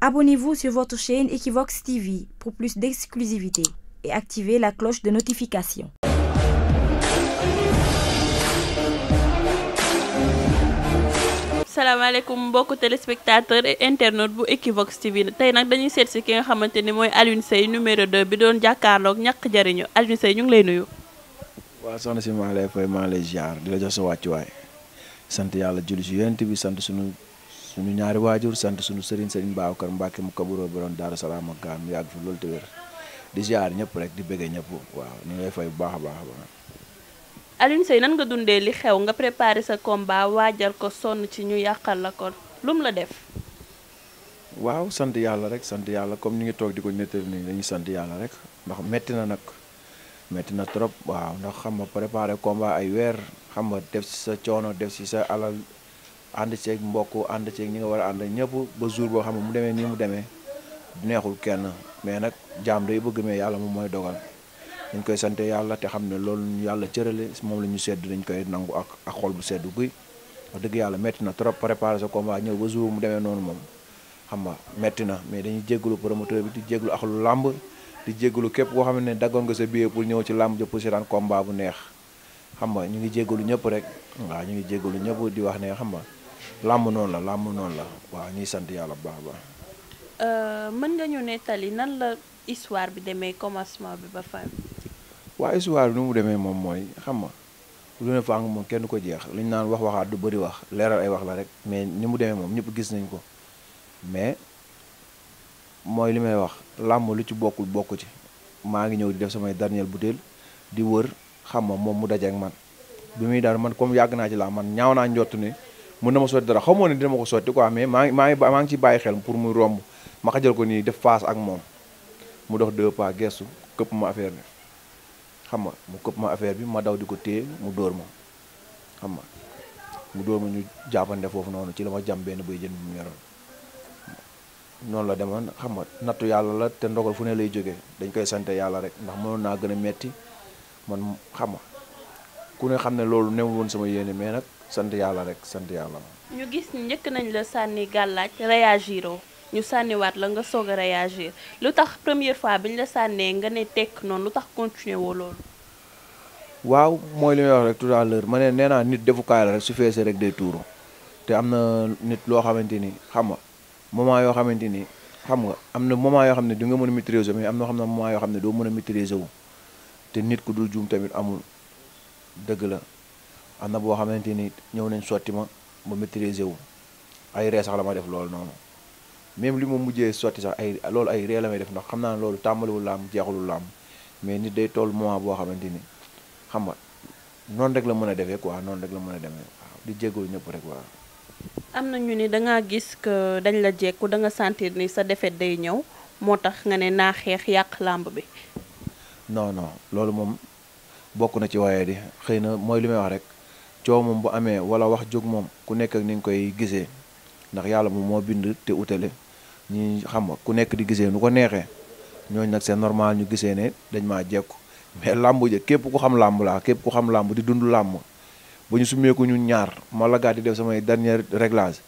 Abonnez-vous sur votre chaîne Equivox TV pour plus d'exclusivité et activez la cloche de notification. salaamaaleykum mbokku téléspectateur et internaute bu Equivox TV tey nag dañuy seet si ki nga xamante ni mooy Alioune Seye numéro bi doon jàkkaarlook ñaq jariñu Alioune Seye ñu ngi lay nuyu. waaw soxna si maa ngi lay fay maa di la jox sa wàccuwaay sant yàlla julli si yonent bi sant suñu ñaari waajur sant suñu sëriñ sëriñ Babacar Mbacke mu kaburoo borom Daaru Salaam ak gaan mu yàgg fi loolu te wér di ziar ñëpp rek di bëggee ñëpp waaw ñu ngay fay bu baax a baax a baax. Alioune Seye nan nga dundee li xew nga préparé sa combat waajal ko sonn ci ñu yàqal la ko lum la def. waaw sant yàlla rek sant yàlla comme ñu ngi toog di ko nettali nii dañuy sant yàlla rek ndax metti na nag metti na trop waaw ndax xam nga préparé combat ay weer xam nga def si sa coono def si sa alal. ànd ceeg mbokk ànd ceeg ñi nga war a ànd ñëpp ba jour boo xam ne mu demee nii mu demee neexul kenn mais nag jaam day bëgg mais yàlla moom mooy dogal dañ koy sante yàlla te xam ne loolu yàlla cërale moom la ñu sedd dañ koy nangu ak ak bu sedd guy dëgg yàlla metti na trop préparer sa combat ñëw ba jour mu demee noonu moom xam nga metti na mais dañuy jégalu promoteur bi di jégalu ak làmb di jégalu képp koo xam ne daggoon nga sa billet pour ñëw ci làmb ja pour seetaan combat bu neex xam nga ñu ngi jégalu ñëpp rek waa ñu ngi jégalu ñëpp di wax ne xam làmb noonu la làmb noonu la waaw ñuy sant yàlla bu baax a baax. Euh, mën nga ñu nettali nan la histoire bi demee commencement bi ba fin. waaw histoire bi nu mu demee moom mooy xam nga lu ne faa kenn ko jeex li naan wax waxaat du bari wax leeral ay wax la rek mais ni mu demee moom ñëpp gis nañ ko mais mooy li may wax làmb lu ci bokkul bokk ci maa ngi ñëw di def samay dernière bouteille di wër xam nga moom mu dajeek man bi muy daal man comme yàgg naa ci laa man ñaaw naa njott ne. mën na ma sotti dara xaw moo ne dina ma ko sotti ko mais maa ngi maa ngi maa ngi ci bàyyi xel pour muy romb ma xajal ko nii def face ak moom mu dox deux pas gestu këpp ma affaire bi xam nga mu këpp ma affaire bi ma daw di ko téye mu dóor ma xam nga mu dóor ñu jàppande foofu noonu ci la ma jàm benn bay jën bu mu noonu la demoon xam nga nattu yàlla la te ndogal fu ne lay jógee dañ koy sante yàlla rek ndax mënoon naa gën a metti man xam nga ku ne xam ne loolu newul woon sama yéene mais nag sant yàlla rek sant yàlla. ñu gis njëkk nañu la sànni gàllaaj réagiroo ñu sànniwaat la nga soog a réagir lu tax première fois bi ñu la sànnee nga ne tekk noonu lu tax continuer woo loolu. waaw mooy li may wax rek tout à l'heure ma ne nit defukaay rek su feesee rek day tuuru am na nit loo xamante ni xam nga moment yoo xamante ni xam nga am na moment yoo xam ne du nga mën a maîtriser mais am na xam ne moment yoo xam ne doo mën a maîtriser wu te nit ku dul juum tamit amul dëgg la. am na boo xamante ni ñëw nañ sotti ma ma maîtriser wu ay ree la ma def loolu noonu même li ma mujjee sotti sax ay loolu ay may def ndax xam naa loolu tàmbaliwul laam jeexulul laam mais nit day toll moment boo xamante ni xam nga noonu rek la mën a defee quoi noonu rek mën a demee waaw di jégalu ñëpp rek waaw. am na ñu ni da gis que dañ la jekku da nga sentir ni sa defet day ñëw moo tax nga ne naa xeex yàq làmb bi. non non loolu moom bokk na ci waaye di xëy na mooy li may wax rek. coow moom bu amee wala wax jóg moom ku nekk ak ni nga koy gisee ndax yàlla moom moo bind te utale ñi xam nga ku nekk di gisee nu ko neexee ñooñ nag seen normal ñu gisee ne dañ maa jekku mais làmb ja képp ku xam làmb laa képp ku xam làmb di dund làmb ba ñu summeeku ñun ñaar ma la gaa di def samay dernier réglage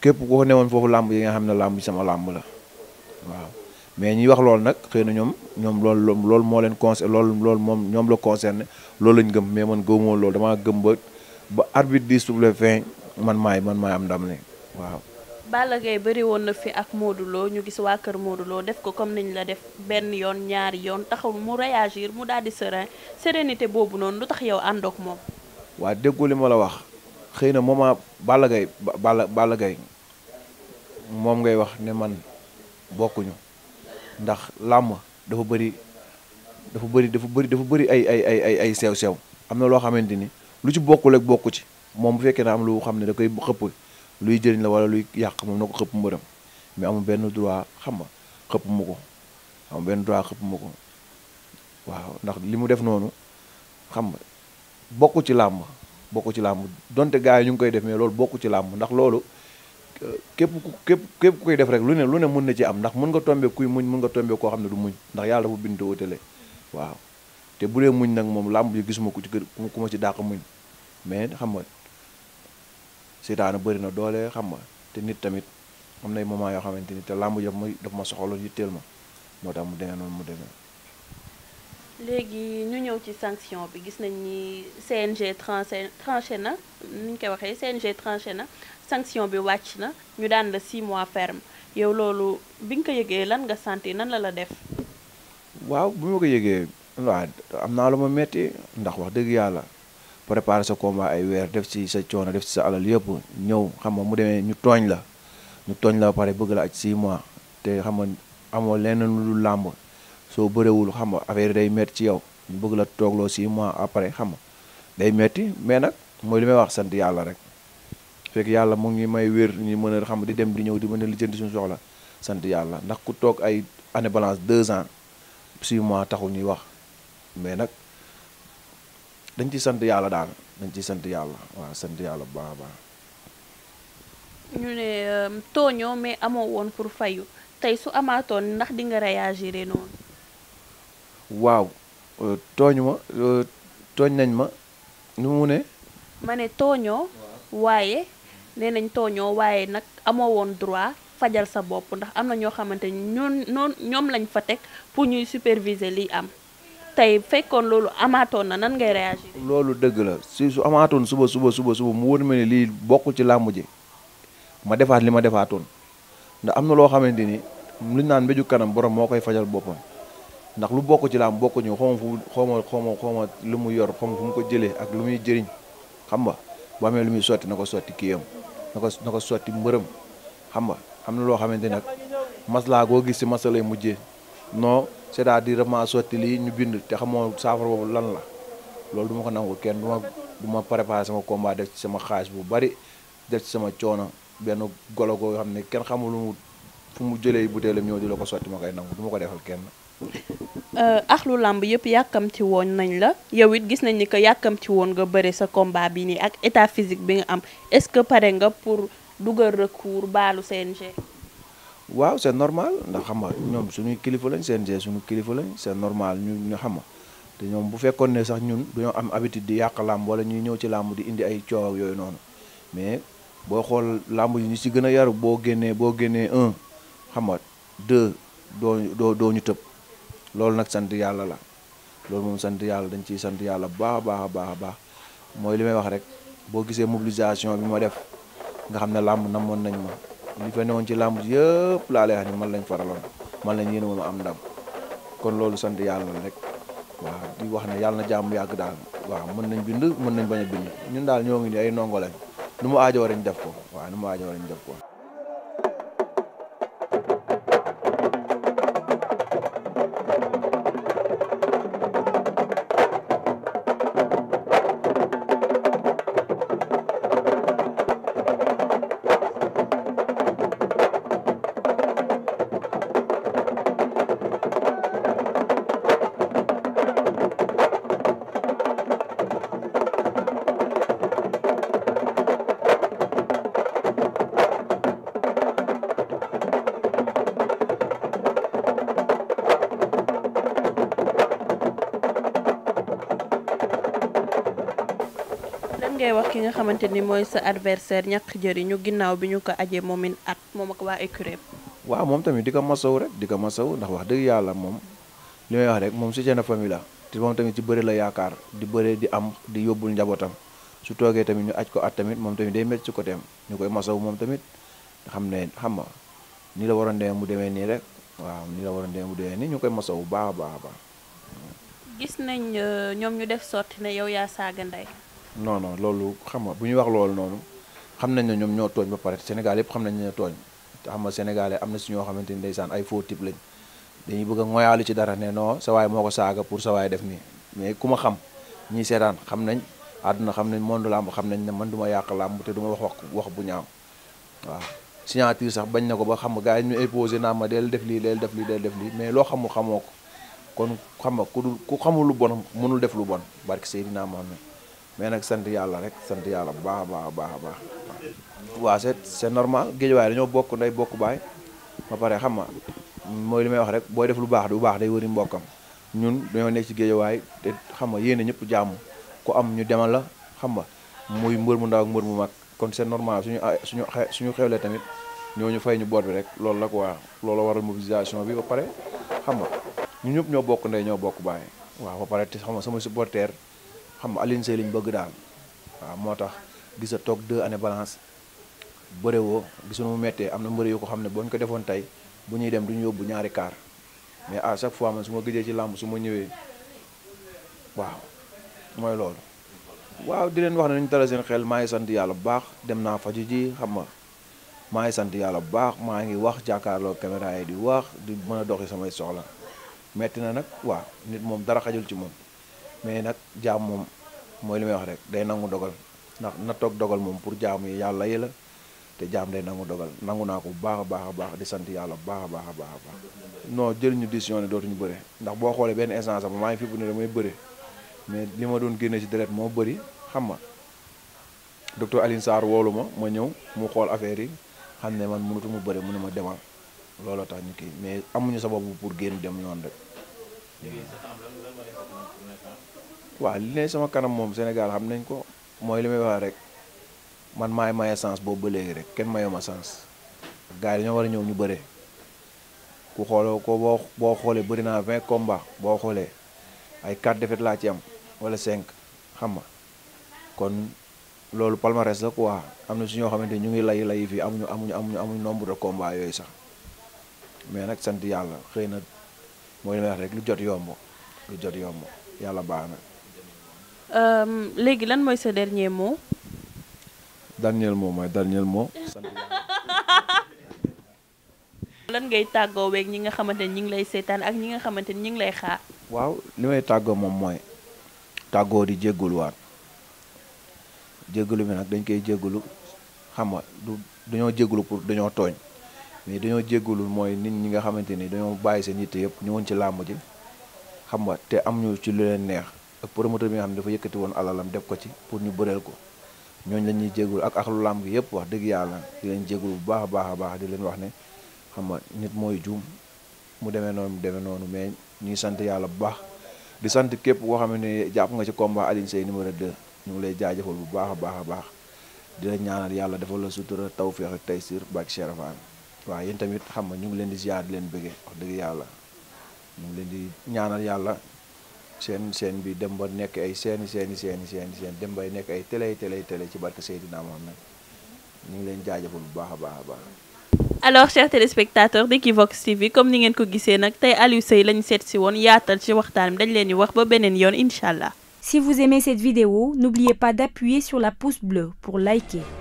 képp ku ko newoon foofu làmb yi nga xam ne làmb sama làmb la waaw mais ñuy wax loolu nag xëy na ñoom ñoom loolu loolu moo leen concerné loolu loolu moom ñoom la concerné loolu lañ gëm mais man gëmoo loolu damaa gëm ba ba arbitre di souffle fin man maay man maay am ndam ne waaw. Balla Gaye woon na fi ak Modou Lo ñu gis waa kër Modou Lo def ko comme niñ la def benn yoon ñaari yoon taxaw mu réagir mu daal di serein sérénité boobu noonu lu tax yow àndoog moom. waa déggu li ma la wax xëy na moment Balla Gaye Balla moom ngay wax ne man bokkuñu. ndax làmb dafa bëri dafa bëri dafa bëri dafa bëri ay ay ay ay ay sew sew am na loo xamante ni lu ci bokkul ak bokku ci moom bu fekkee ne am lu xam ne da koy xëpp luy jëriñ la wala luy yàq moom na ko xëpp mbërëm mais amul benn droit xam nga xëpp mu ko amul benn droit xëpp mu ko waaw ndax li mu def noonu xam nga bokku ci làmb bokku ci làmb donte gars yi ñu ngi koy def mais loolu bokku ci làmb ndax loolu képp ku képp képp ku def rek lu ne lu ne mun na ci am ndax mun nga tombe kuy muñ mun nga tombe koo xam ne du muñ ndax yàlla dafa bind wutale waaw te bu dee muñ nag moom làmb yi gisuma ku ci ku ma ci dàq muñ mais xam nga seytaane bëri na doole xam nga te nit tamit am nay moment yoo xamante ni te làmb yi ma daf ma soxaloon yitteel ma moo tax mu demee noonu mu demee léegi ñu ñëw ci sanction bi gis nañ ni CNG tranché tranché na ni koy waxee CNG tranché na sanction bi wàcc na ñu daan la 6 mois ferme yow loolu bi nga ko yëgee lan nga santi nan la la def. waaw bu ma ko yëgee waaw am naa lu ma metti ndax wax dëgg yàlla préparer sa combat ay weer def ci sa coono def ci sa alal yëpp ñëw xam nga mu demee ñu tooñ la ñu tooñ la pare bëgg la aj 6 mois te xam nga amoo lenn lu làmb soo bëreewul xam nga affaire day métti ci yow ñu bëgg la toogloo six mois après xam nga day metti mais nag mooy li may wax sant yàlla rek fekk yàlla mu ngi may wér ñu mën a xam di dem di ñëw di mën a li lijjanti suñu soxla sant yàlla ndax ku toog ay année balance deux ans six mois taxu ñuy wax mais nag dañ ci sant yàlla daal dañ ci sant yàlla waaw sant yàlla baax baax ñu ne euh, tooñoo mais amoo woon pour fayu tey su amaatoon ndax dinga nga noonu waaw euh, tooñu ma euh, tooñ nañ ma nu mu ne. ma ne tooñoo. waaye nee nañ tooñoo waaye nag amoo woon droit fajal sa bopp ndax am na ñoo xamante ni ñoom ñoom lañ fa teg pour ñuy superviser lii am tey fekkoon loolu amaatoon na nan ngay réagir. loolu dëgg la si su amaatoon suba suba suba suba mu wóor ma ne lii bokkul ci làmb ji ma defaat li ma defaatoon ndax am na loo xamante ni luñ naan mbéju kanam borom moo koy fajal boppam. ndax lu bokk ci laam bokk ñu xawma fu xawma xawma xawma lu mu yor xawma fu mu ko jëlee ak lu muy jëriñ xam nga bu lu muy sotti na ko sotti kiyam na ko na ko sotti mbërëm xam nga am na loo xamante nag maslaa goo gis si masalay mujjee non c'est-à-dire ma sotti lii ñu bind te xamoo saafara boobu lan la loolu du ma ko nangu kenn du ma du ma préparé sama combat def ci sama xaalis bu bari def ci sama coono benn golo goo xam ne kenn xamul lu mu fu mu jëlee butéelam ñëw di la ko sotti ma koy nangu du ma ko defal kenn Euh, axlu làmb yëpp yàkkamti woon nañ la yow it gis nañ ni que yàkkamti woon nga bëre sa combat bi nii ak état physique bi nga am est-ce que pare nga pour dugal recours baalu CNG. waaw c'est normal ndax xam nga ñoom suñuy kilifa lañ CNG suñu kilifa lañ seen normal ñu ñu xam te ñoom bu fekkoon ne sax ñun dañoo am habitude di yàq làmb wala ñuy ñëw ci làmb di indi ay coow yooyu noonu mais boo xool làmb yi ñu si gën a yaru boo génnee boo génnee un xam nga doo doo doo loolu nag sant yàlla la loolu moom sant yàlla dañ ciy sant yàlla baax baax a baax a baax mooy li may wax rek boo gisee mobilisation bi ma def nga xam ne làmb namoon nañ ma li fa woon ci làmb yëpp laa lay wax ni man lañ faraloon man lañ yéen moom am ndam kon loolu sant yàlla la rek waa di wax ne yàlla na jàmm yàgg daal waaw mën nañ bind mën nañ bañ a bind ñun daal ñoo ngi ni ay ndongo lañ nu mu aajoo rek ñu def ko waa nu mu aajoo rek ñu def ko lan ngay wax ki nga xamante ni mooy sa adversaire ñàkk ñu ginnaaw bi ñu ko ajee moom moomin at moom ak waa écurie waaw moom tamit di ko masaw rek di ko masaw ndax wax dëgg yàlla moom li may wax rek moom si seen famille la te moom tamit ci bëre la yaakaar di bëre di am di yóbbul njabootam su toogee tamit ñu aj ko at tamit moom tamit day métti ci côté ñu koy masaw moom tamit xam ne xam nga ni la waroon demee mu demee nii rek waaw ni la waroon demee mu demee nii ñu koy masaw bu baax a baax baax. gis nañ euh, ñoom ñu def sotti ne yow yaa saaga ndey. non non loolu xam nga bu ñuy wax loolu noonu xam nañ ne ñoom ñoo tooñ ba pare Sénégal yëpp xam nañ ne tooñ xam nga sénégalais am na si ñoo xamante ni saan ay faux type lañ dañuy bëgg a ngoyaalu ci dara ne non sa moo ko saaga pour sa waay def nii mais ku ma xam ñii seetaan xam nañ àdduna xam nañ monde làmb xam nañ ne man du ma yàq làmb te du ma wax wax wax bu ñaaw waaw signature sax bañ na ko ba xam nga gars yi ñu imposé naa ma del def lii del def lii del def lii mais loo xamul xamoo ko kon xam nga ku dul ku xamul lu mënul def lu bon barki Seydina Mohamed mais nag sant yàlla rek sant yàlla bu baax a baax a baax a baax waa set c'est normal géejuwaay dañoo bokk nday bokk baay ba pare xam nga mooy li may wax rek booy def lu baax du baax day wëri mbokkam ñun dañoo nekk ci géejawaay te xam nga yéene ñëpp jàmm ku am ñu demal la xam nga muy mbër mu ndaw ak mbër mu mag kon c'est normal suñu ah, suñu suñu xewlee tamit ñoo ñu fay ñu boot bi rek loolu la waa loolu waral mobilisation bi ba pare xam nga ñu ñëpp ñoo bokk ndey ñoo bokk baay waa ba pare te xam nga sama supporter xam nga Alioune Seye bëgg daal waaw moo tax gis a toog deux années balance bërewoo woo mu mettee am na mbëri yu ko xam ne boo ñu ko defoon tey bu ñuy dem du yóbbu ñaari kaar mais à chaque fois man su ma gëjee ci làmb su ma ñëwee waaw mooy loolu. waaw di leen wax ne nañu tala xel maa ngi sant yàlla bu baax dem naa faju ji xam nga maa ngi sant yàlla bu baax maa ngi wax jàkkaarloo caméra yi di wax di mën a doxi samay soxla metti na nag waaw nit moom dara xajul ci moom. mais nag jaam moom mooy li may wax rek day nangu dogal ndax na toog dogal moom pour jaam yi yàlla yi la te jaam day nangu dogal nangu naa ko bu baax a baax a baax di sant yàlla bu baax a baax a baax a baax non jëriñu décision ne dootuñu bëre ndax boo xoolee benn essence am maa ngi fipp ne damay bëre mais li ma doon génnee ci deret moo bëri xam nga docteur Alioune Sarr woolu ma ma ñëw mu xool affaire yi xam ne man mënatu mu bëre mu ne ma demal looloo tax ñu kii mais amuñu sababu pour génn dem yoon rek waaw li ne sama kanam moom Sénégal xam nañ ko mooy li may wax rek man maay maye sens boobu ba léegi rek kenn mayoo ma sens. gars yi dañoo war a ñëw ñu bëre ku xooloo ko boo boo xoolee bëri naa vingt combats boo xoolee ay quatre défaites laa ci am wala cinq xam nga kon loolu palmarès la quoi am na su ñoo xamante ñu ngi lay lay fii amuñu amuñu amuñu amuñu nombre de combats yooyu sax mais nag sant yàlla xëy na. mooy li rek lu jot yomb lu jot yomb yàlla baax na. Ehm, léegi lan mooy sa dernier mot. dernier mot mooy dernier mot. lan ngay tàggoo week ñi nga xamante ni ñu ngi lay seetaan ak ñi nga xamante ni ñu ngi lay xaar. waaw li may tàggoo moom mooy tàggoo di jégguluwaat jéggulu bi nag dañ koy jéggulu xam nga du dañoo jéggulu pour dañoo tooñ. mais dañoo jéggulul mooy nit ñi nga xamante ni dañoo bàyyi seen yitte yëpp ñëwoon ci làmb ji xam nga te am ñu ci lu leen neex ak promoteur bi nga xam ne dafa yëkkati woon alalam def ko ci pour ñu bëreel ko ñooñu la ñuy jéggul ak ak lu làmb gi yëpp wax dëgg yàlla di leen jéggul bu baax a baax a baax di leen wax ne xam nga nit mooy juum mu demee noonu mu demee noonu mais ñuy sant yàlla bu baax di sant képp koo xam ne jàpp nga ci combat Alioune Seye numéro ñu ngi lay jaajëfal bu baax a baax a baax di la ñaanal yàlla dafa la sutura tawféex ak tey siir bàcc waaw yéen tamit xam nga ñu ngi leen di ziar leen bëggee wax dëgg yàlla ñu ngi leen di ñaanal yàlla seen seen bi dem ba nekk ay seeni seeni seeni seeni seen dem bay nekk ay télé télé télé ci barke Seydina Mohamed ñu ngi leen jaajëfal bu baax a baax a baax alors chers téléspectateurs d'Equivox TV comme ni ngeen ko gisee nag tey Aliou Seye lañu seet si woon yaatal ci waxtaan dañ leen di wax ba beneen yoon incha allah. si vous la pouce bleue pour liker